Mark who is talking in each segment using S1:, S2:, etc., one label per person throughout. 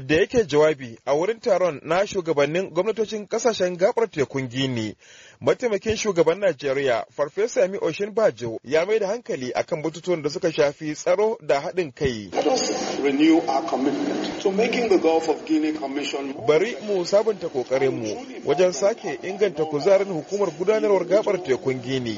S1: da yake jawabi a wurin taron na shugabannin gwamnatocin kasashen gabar tekun gini Mataimakin shugaban Najeriya, Farfesa Yami Oshin Bajo, ya mai da hankali akan batutuwan da suka shafi tsaro da haɗin kai. Bari mu sabunta ƙoƙarinmu wajen sake inganta kuzarin hukumar gudanarwar gabar tekun Gini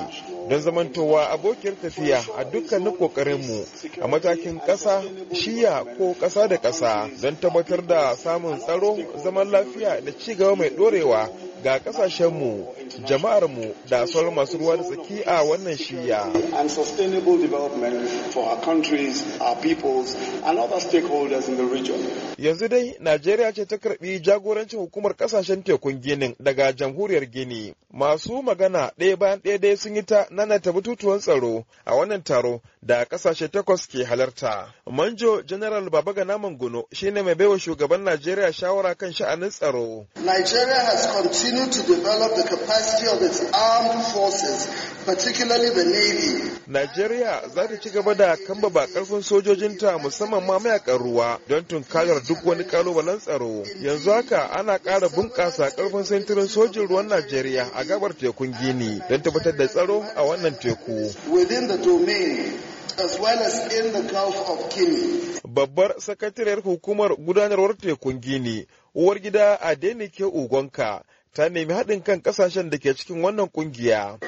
S1: don zamantowa abokiyar tafiya a dukkanin ƙoƙarinmu a matakin ƙasa, shiya ko ƙasa da ƙasa don tabbatar da samun tsaro, zaman lafiya da ci gaba mai ɗorewa ga ƙasashenmu jama'ar mu da sauran masu ruwa da tsaki a wannan shiya. And sustainable development for our countries, our peoples and other stakeholders in the region. Yanzu dai Najeriya ce ta karbi jagorancin hukumar kasashen tekun Ginin daga jamhuriyar Gini. masu magana ɗaya bayan ɗaya dai sun yi ta nanata batutuwan tsaro a wannan taro da ƙasashe takwas ke halarta. Manjo General Babagana Mangono ne mai baiwa shugaban Najeriya shawara kan sha'anin tsaro. Nigeria has continued to develop the capacity of its armed forces particularly Najeriya za ta ci gaba da kambaba karfin sojojinta musamman ma mayakan ruwa don tunkarar duk wani kalubalen tsaro. Yanzu haka ana ƙara bunƙasa karfin sintirin sojin ruwan Najeriya a gabar tekun Gini don tabbatar da tsaro a wannan teku. as well as in the Gulf of Babbar sakatariyar hukumar gudanarwar tekun Gini, uwar gida a Adenike Ugonka, ta nemi haɗin kan ƙasashen da ke cikin wannan ƙungiya.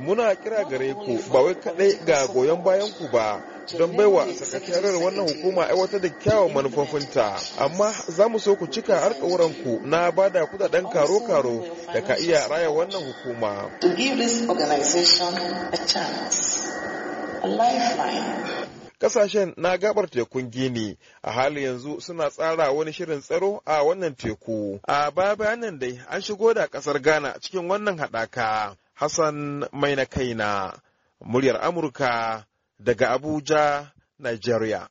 S1: Muna kira gare ku ba wai kaɗai ga goyon bayan ku ba, don baiwa sakatarar wannan hukuma aiwatar da kyawun manufofinta amma za mu so ku cika ku na ba da kudaden karo-karo da ka iya raya wannan hukuma. To give this organization a chance, a lifeline. Kasashen na gabar tekun Gini a hali yanzu suna tsara wani shirin tsaro a wannan teku. A baya bayanan dai an shigo da kasar Ghana cikin wannan haɗaka. Hassan Mai na kaina, muryar Amurka daga Abuja, Nigeria.